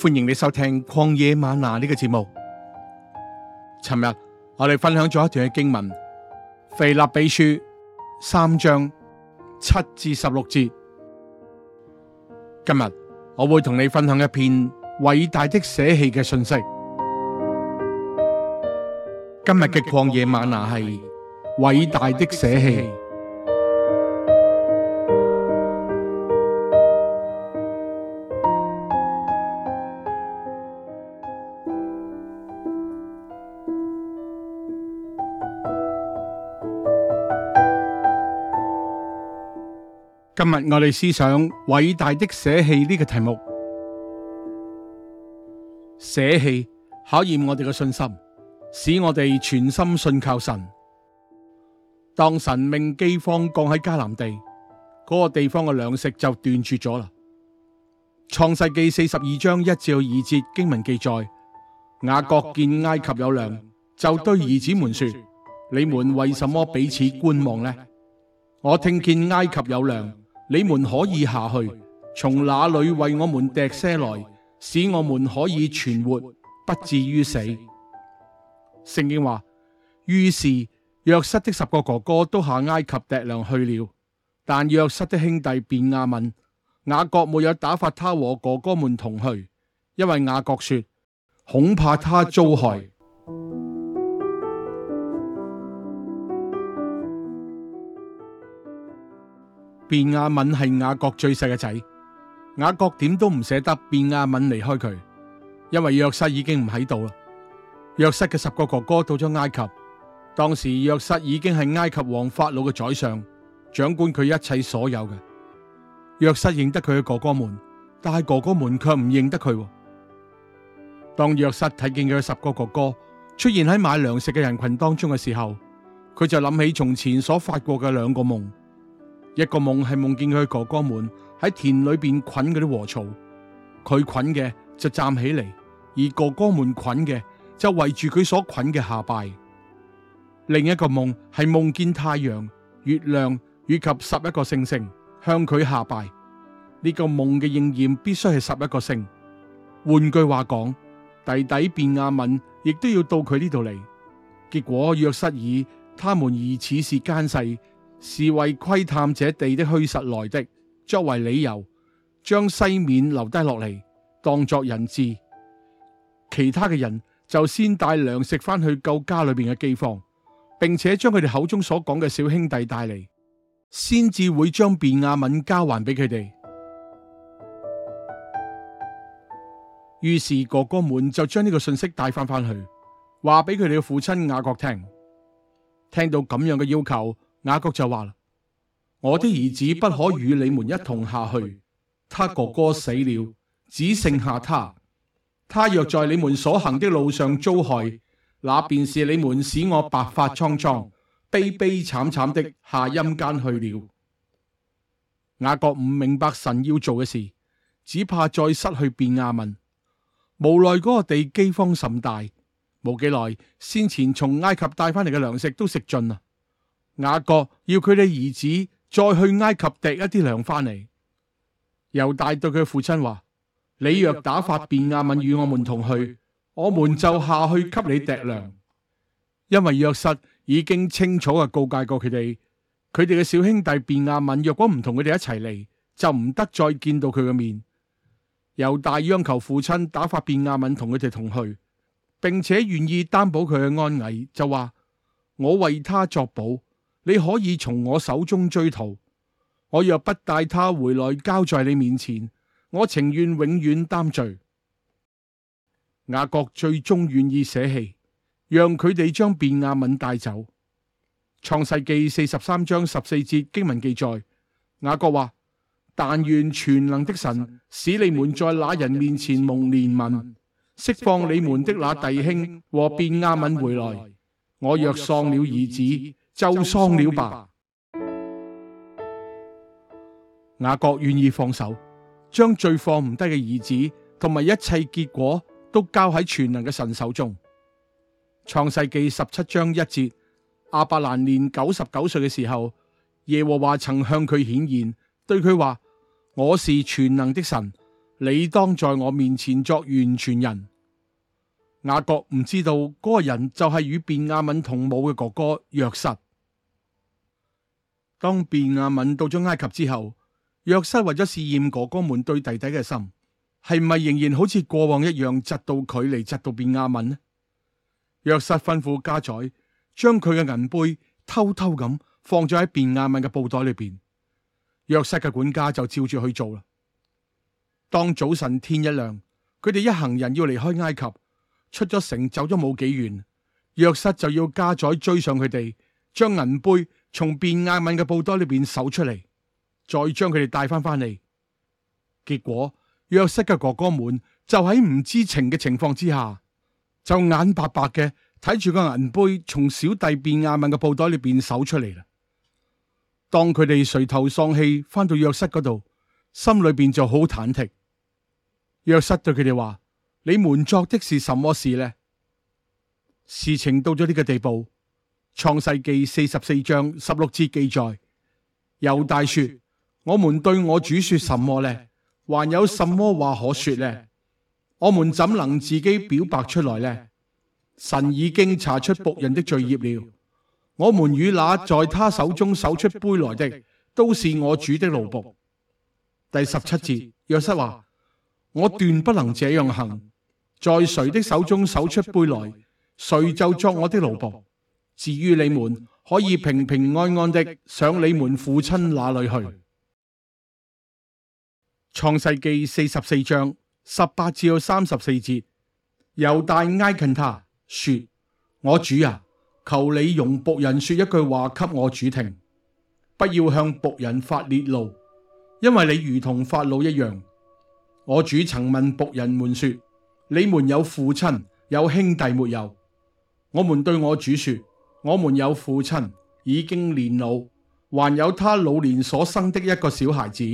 歡迎你收聽《曠野嗎哪》呢、這個節目。尋日我哋分享咗一段嘅經文《腓立比書》三章七至十六節。今日我會同你分享一篇偉大的捨棄嘅信息。今日嘅曠野嗎哪係偉大的捨棄。今日我哋思想偉大的捨棄呢個題目，捨棄考驗我哋嘅信心，使我哋全心信靠神。當神命饑荒降喺迦南地，嗰個地方嘅糧食就斷絕咗啦。創世記四十二章一至二節經文記載，雅各見埃及有糧，就對兒子們說：你們為什麼彼此觀望呢？我聽見埃及有糧。你們可以下去，從那裏為我們糴些來，使我們可以存活，不至於死。聖經話：於是約瑟的十個哥哥哥都下埃及糴糧去了。但約瑟的兄弟便雅憫、雅各沒有打發他和哥哥們同去，因為雅各說：恐怕他遭害。便雅憫係雅各最細嘅仔，雅各點都唔捨得便雅憫離開佢，因為約瑟已經唔喺度啦。約瑟嘅十個哥哥到咗埃及，當時約瑟已經係埃及王法老嘅宰相，掌管佢一切所有嘅。約瑟認得佢嘅哥哥們，但係哥哥們卻唔認得佢。當約瑟睇見佢十個哥哥出現喺買糧食嘅人群當中嘅時候，佢就諗起從前所發過嘅兩個夢。一個夢係夢見佢哥哥們喺田裏邊捆嗰啲禾草，佢捆嘅就站起嚟，而哥哥們捆嘅就圍住佢所捆嘅下拜。另一個夢係夢見太陽、月亮以及十一個星星向佢下拜。呢、這個夢嘅應驗必須係十一個星。換句話講，弟弟便雅憫亦都要到佢呢度嚟。結果約瑟以他們以此事奸視。是為窺探這地的虛實來的，作為理由，將西面留低落嚟當作人質，其他嘅人就先帶糧食翻去救家裏邊嘅饑荒，並且將佢哋口中所講嘅小兄弟帶嚟，先至會將便雅憫交還俾佢哋。於是哥哥們就將呢個信息帶翻翻去，話俾佢哋嘅父親雅各聽，聽到咁樣嘅要求。雅各就話啦：我的兒子不可與你們一同下去。他哥哥死了，只剩下他。他若在你們所行的路上遭害，那便是你們使我白髮蒼蒼、悲悲慘慘的下陰間去了。雅各唔明白神要做嘅事，只怕再失去便雅憫。無奈嗰個地饑荒甚大，冇幾耐，先前從埃及帶翻嚟嘅糧食都食盡啦。雅各要佢哋兒子再去埃及籴一啲糧翻嚟，猶大對佢父親話：，你若打發便雅憫與我們同去，我們就下去給你籴糧。因為約瑟已經清楚嘅告誡過佢哋，佢哋嘅小兄弟便雅憫若果唔同佢哋一齊嚟，就唔得再見到佢嘅面。猶大央求父親打發便雅憫同佢哋同去，並且願意擔保佢嘅安危，就話：我為他作保。你可以從我手中追討，我若不帶他回來交在你面前，我情願永遠擔罪。雅各最終願意捨棄，讓佢哋將便雅憫帶走。創世紀四十三章十四節經文記載，雅各話：但願全能的神使你們在那人面前蒙憐憫，釋放你們的那弟兄和便雅憫回來。我若喪了兒子。就喪了吧。雅各願意放手，將最放唔低嘅兒子同埋一切結果都交喺全能嘅神手中。創世記十七章一節，亞伯蘭年九十九歲嘅時候，耶和華曾向佢顯現，對佢話：我是全能的神，你當在我面前作完全人。雅各唔知道嗰、那個人就係與便雅憫同母嘅哥哥約瑟。當便雅憫到咗埃及之後，約瑟為咗試驗哥哥們對弟弟嘅心，係咪仍然好似過往一樣，窒到佢嚟窒到便雅憫呢？約瑟吩咐家宰將佢嘅銀杯偷偷咁放咗喺便雅憫嘅布袋裏邊。約瑟嘅管家就照住去做啦。當早晨天一亮，佢哋一行人要離開埃及，出咗城走咗冇幾遠，約瑟就要家宰追上佢哋，將銀杯。從便雅憫嘅布袋裏邊搜出嚟，再將佢哋帶翻翻嚟。結果，約瑟嘅哥哥們就喺唔知情嘅情況之下，就眼白白嘅睇住個銀杯從小弟便雅憫嘅布袋裏邊搜出嚟啦。當佢哋垂頭喪氣翻到約瑟嗰度，心裏邊就好忐忑。約瑟對佢哋話：你們作的是什麼事呢？事情到咗呢個地步。創世記四十四章十六節記載，猶大說：我們對我主說什麼呢？還有什麼話可說呢？我們怎能自己表白出來呢？神已經查出僕人的罪孽了。我們與那在他手中搜出杯來的，都是我主的奴僕。第十七節，約瑟話：我斷不能這樣行。在誰的手中搜出杯來，誰就作我的奴僕。至於你們可以平平安安的上你們父親那裏去。創世記四十四章十八至到三十四節，猶大挨近他說：我主啊，求你容僕人說一句話給我主聽，不要向僕人發烈怒，因為你如同法老一樣。我主曾問僕人們說：你們有父親有兄弟沒有？我們對我主說。我們有父親已經年老，還有他老年所生的一個小孩子。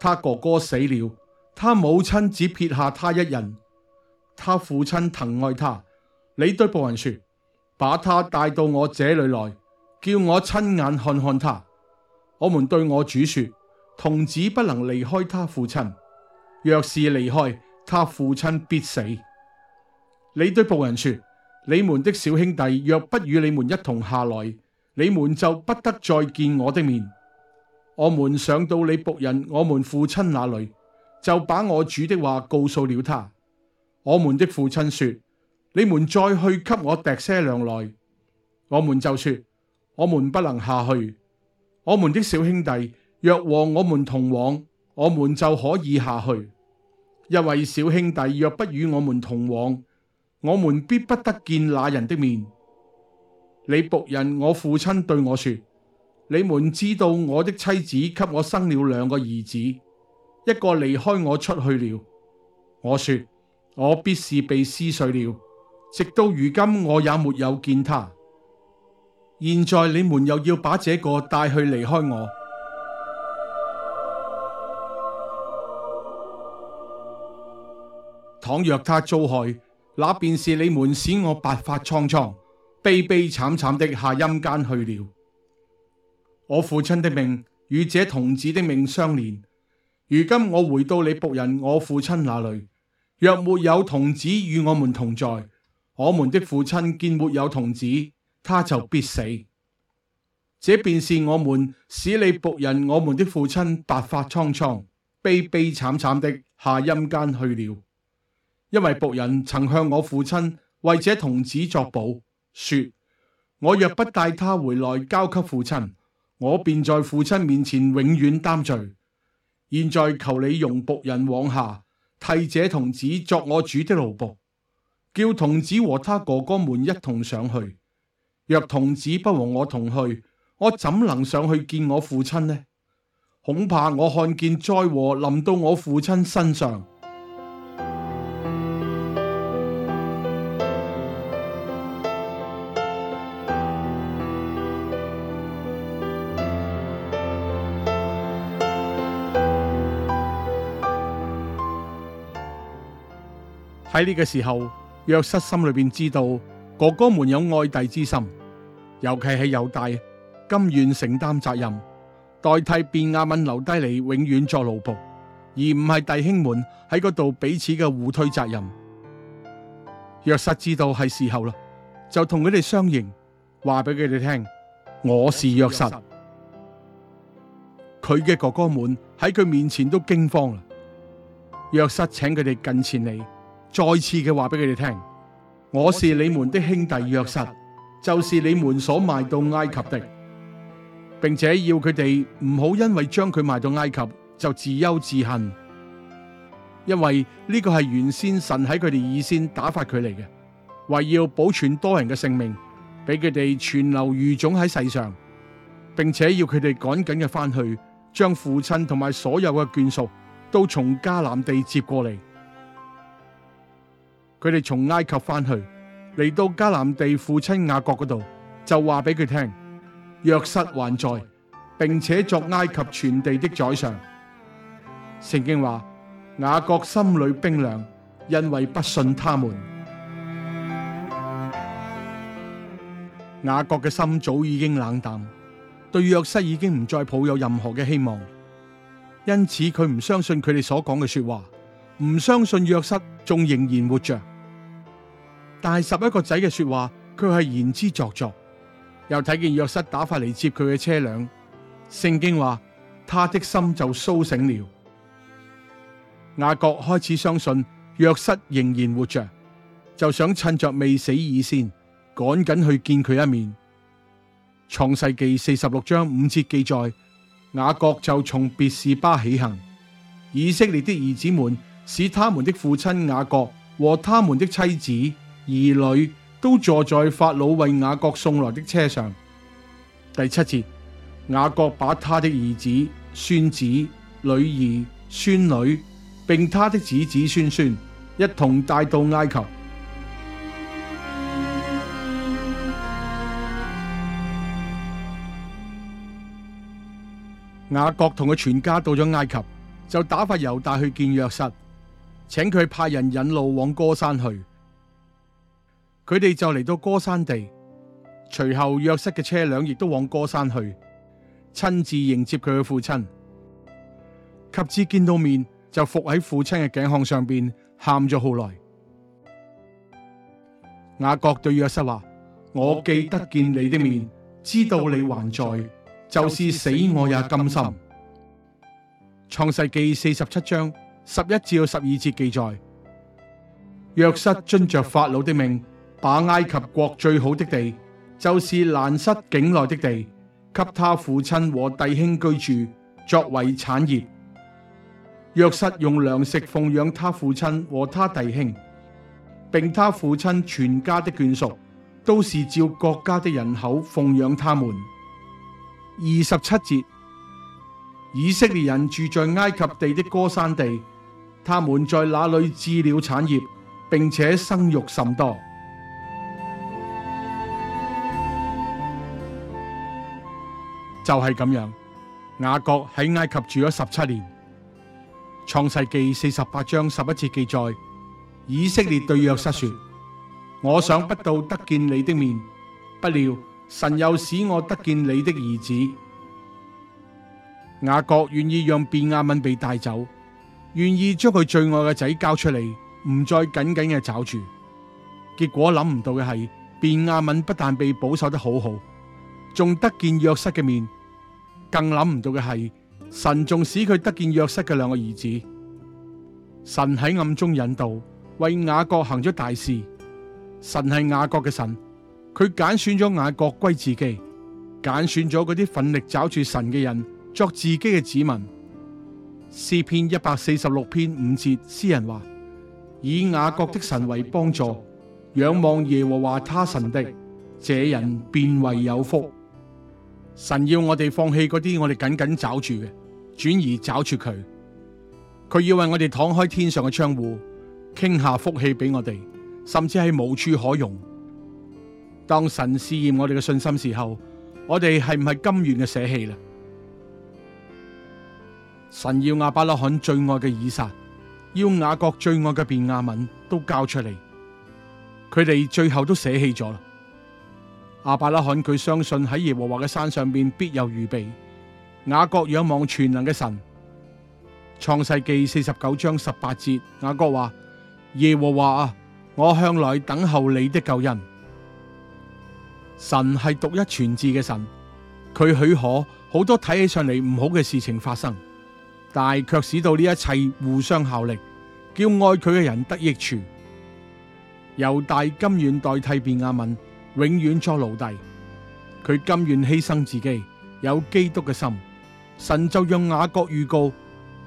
他哥哥死了，他母親只撇下他一人。他父親疼愛他。你對僕人說，把他帶到我這裏來，叫我親眼看看他。我們對我主說，童子不能離開他父親，若是離開，他父親必死。你對僕人說。你們的小兄弟若不與你們一同下來，你們就不得再見我的面。我們上到你僕人我們父親那裡，就把我主的話告訴了他。我們的父親說：你們再去給我糴些糧來。我們就說：我們不能下去。我們的小兄弟若和我們同往，我們就可以下去。因為小兄弟若不與我們同往，我們必不得見那人的面。你僕人我父親對我說：你們知道我的妻子給我生了兩個兒子，一個離開我出去了。我說：我必是被撕碎了，直到如今我也沒有見他。現在你們又要把這個帶去離開我。倘若他遭害，那便是你們使我白髮蒼蒼、悲悲慘慘的下陰間去了。我父親的命與這童子的命相連，如今我回到你僕人我父親那裏，若沒有童子與我們同在，我們的父親見沒有童子，他就必死。這便是我們使你僕人我們的父親白髮蒼蒼、悲悲慘慘的下陰間去了。因為僕人曾向我父親為這童子作保，說我若不帶他回來交給父親，我便在父親面前永遠擔罪。現在求你容僕人往下替這童子作我主的奴僕，叫童子和他哥哥們一同上去。若童子不和我同去，我怎能上去見我父親呢？恐怕我看見災禍臨到我父親身上。喺呢個時候，約瑟心裏邊知道哥哥們有愛弟之心，尤其係猶大，甘願承擔責任，代替便雅敏留低嚟永遠做奴僕，而唔係弟兄們喺嗰度彼此嘅互推責任。約瑟知道係時候啦，就同佢哋相認，話俾佢哋聽：我是約瑟。佢嘅哥哥們喺佢面前都驚慌啦。約瑟請佢哋近前嚟。再次嘅話俾佢哋聽，我是你們的兄弟約瑟，就是你們所賣到埃及的。並且要佢哋唔好因為將佢賣到埃及就自憂自恨，因為呢個係原先神喺佢哋以先打發佢嚟嘅，為要保存多人嘅性命，俾佢哋存留餘種喺世上，並且要佢哋趕緊嘅翻去，將父親同埋所有嘅眷屬都從迦南地接過嚟。佢哋從埃及翻去，嚟到迦南地父親雅各嗰度，就話俾佢聽，約瑟還在，並且作埃及全地的宰相。聖經話，雅各心裏冰涼，因為不信他們。雅各嘅心早已經冷淡，對約瑟已經唔再抱有任何嘅希望，因此佢唔相信佢哋所講嘅說話，唔相信約瑟仲仍然活着。但係十一個仔嘅說話，佢係言之鑿鑿。又睇見約瑟打發嚟接佢嘅車輛，聖經話他的心就甦醒了。雅各開始相信約瑟仍然活着，就想趁着未死以先，趕緊去見佢一面。創世記四十六章五節記載，雅各就從別士巴起行。以色列的兒子們使他們的父親雅各和他們的妻子。兒女都坐在法老為雅各送來的車上。第七節，雅各把他的兒子、孫子、女兒、孫女，並他的子子孫孫一同帶到埃及。雅各同佢全家到咗埃及，就打發猶大去見約瑟，請佢派人引路往歌珊去。佢哋就嚟到歌珊地，隨後約瑟嘅車輛亦都往歌珊去，親自迎接佢嘅父親。及至見到面，就伏喺父親嘅頸項上邊，喊咗好耐。雅各對約瑟話：我既得見你的面，知道你還在，就是死我也甘心。創世記四十七章十一至十二節記載：約瑟遵着法老的命。把埃及國最好的地，就是蘭塞境內的地，給他父親和弟兄居住，作為產業。約瑟用糧食奉養他父親和他弟兄，並他父親全家的眷屬，都是照國家的人口奉養他們。二十七節，以色列人住在埃及地的歌山地，他們在那裏置了產業，並且生育甚多。就係咁樣，雅各喺埃及住咗十七年。創世記四十八章十一節記載，以色列對約瑟說：我想不到得見你的面，不料神又使我得見你的兒子。雅各願意讓便雅憫被帶走，願意將佢最愛嘅仔交出嚟，唔再緊緊嘅抓住。結果諗唔到嘅係，便雅憫不但被保守得好好。仲得見約瑟嘅面，更諗唔到嘅係神仲使佢得見約瑟嘅兩個兒子。神喺暗中引導，為雅各行咗大事。神係雅各嘅神，佢揀選咗雅各歸自己，揀選咗嗰啲奮力找住神嘅人作自己嘅子民。詩篇一百四十六篇五節，詩人話：以雅各的神為幫助，仰望耶和華他神的，這人便為有福。神要我哋放棄嗰啲我哋緊緊抓住嘅，轉而抓住佢。佢要為我哋敞開天上嘅窗戶，傾下福氣俾我哋，甚至係無處可容。當神試驗我哋嘅信心時候，我哋係唔係甘願嘅捨棄啦？神要亞伯拉罕最愛嘅以撒，要雅各最愛嘅便雅憫都交出嚟，佢哋最後都捨棄咗啦。亞伯拉罕佢相信喺耶和華嘅山上邊必有預備。雅各仰望全能嘅神，《創世記》四十九章十八節，雅各話：耶和華啊，我向來等候你的救恩。神係獨一全智嘅神，佢許可好多睇起上嚟唔好嘅事情發生，但係卻使到呢一切互相效力，叫愛佢嘅人得益處。」猶大甘願代替便雅憫。永遠作奴隸，佢甘願犧牲自己，有基督嘅心。神就用雅各預告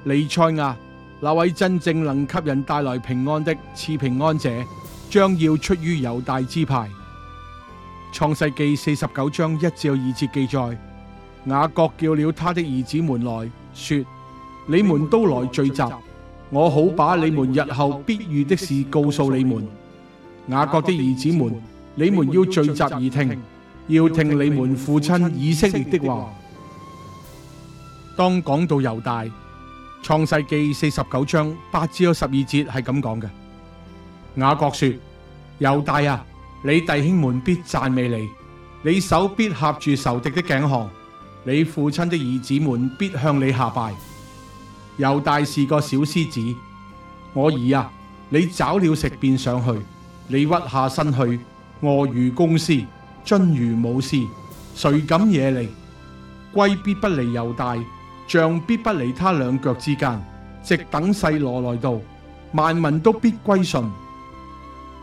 彌賽亞，那位真正能給人帶來平安的賜平安者，將要出於猶大支派。創世記四十九章一至二節記載，雅各叫了他的兒子們來說：你們都來聚集，我好把你們日後必遇的事告訴你們。雅各的兒子們。你們要聚集而聽，要聽你們父親以色列的話。當講到猶大，創世記四十九章八至十二節係咁講嘅。雅各說：猶大啊，你弟兄們必讚美你，你手必合住仇敵的頸項，你父親的兒子們必向你下拜。猶大是個小獅子，我兒啊，你找了食便上去，你屈下身去。臥如公獅，蹲如母獅，誰敢惹他？圭必不離猶大，杖必不離他兩腳之間，直等細羅來到，萬民都必歸順。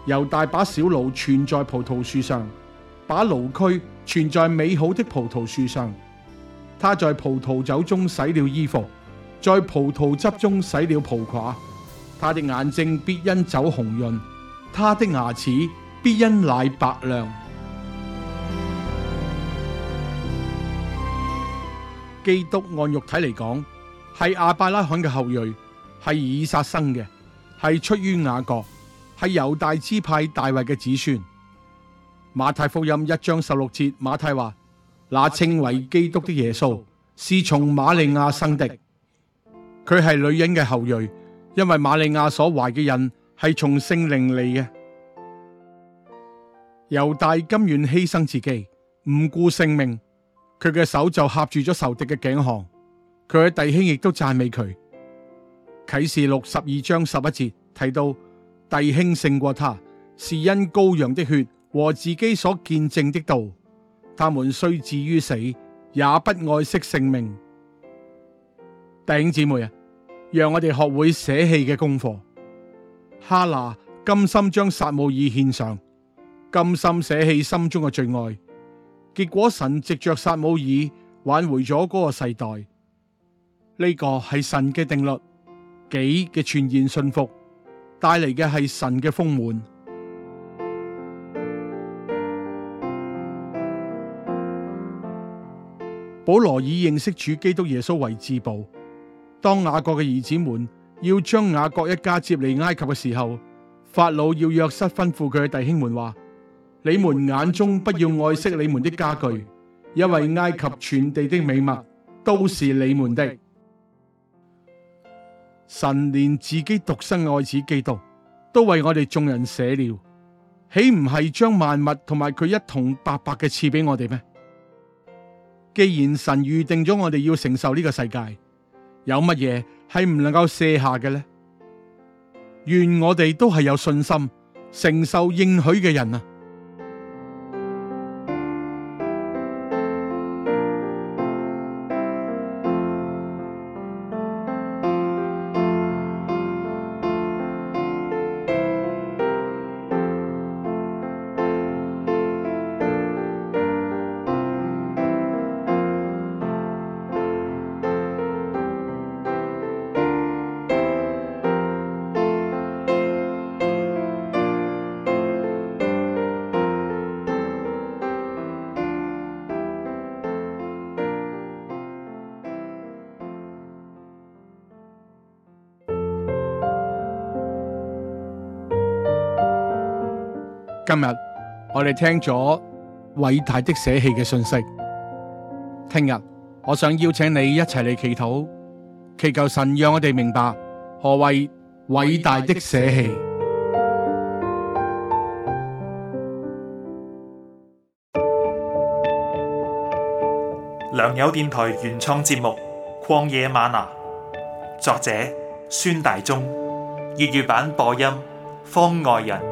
猶大把小驢拴在葡萄樹上，把驢駒拴在美好的葡萄樹上。他在葡萄酒中洗了衣服，在葡萄汁中洗了袍褂。他的眼睛必因酒紅潤，他的牙齒。必因奶白亮。基督按肉體嚟講，係阿伯拉罕嘅後裔，係以撒生嘅，係出於雅各，係猶大支派大衛嘅子孫。馬太福音一章十六節，馬太話：那稱為基督的耶穌，是從馬利亞生的。佢係女人嘅後裔，因為馬利亞所懷嘅人係從聖靈嚟嘅。猶大甘願犧牲自己，唔顧性命，佢嘅手就合住咗仇敵嘅頸項。佢嘅弟兄亦都讚美佢。啟示錄六十二章十一節提到，弟兄勝過他，是因羔羊的血和自己所見證的道。他們雖至於死，也不愛惜性命。弟兄姊妹啊，讓我哋學會捨棄嘅功課。哈拿甘心將撒母耳獻上。甘心捨棄心中嘅最愛，結果神藉着撒母耳挽回咗嗰個世代。呢個係神嘅定律，己嘅傳言信服帶嚟嘅係神嘅豐滿。保羅以認識主基督耶穌為至寶。當雅各嘅兒子們要將雅各一家接嚟埃及嘅時候，法老要約瑟吩咐佢嘅弟兄們話。你們眼中不要愛惜你們的家具，因為埃及全地的美物都是你們的。神連自己獨生愛子基督都為我哋眾人捨了，豈唔係將萬物同埋佢一同白白嘅賜俾我哋咩？既然神預定咗我哋要承受呢個世界，有乜嘢係唔能夠卸下嘅呢？願我哋都係有信心承受應許嘅人啊！今日我哋聽咗偉大的捨棄嘅信息，聽日我想邀請你一齊嚟祈禱，祈求神讓我哋明白何謂偉大的捨棄。良友電台原創節目《曠野嗎哪》，作者孫大中，粵語版播音方外人。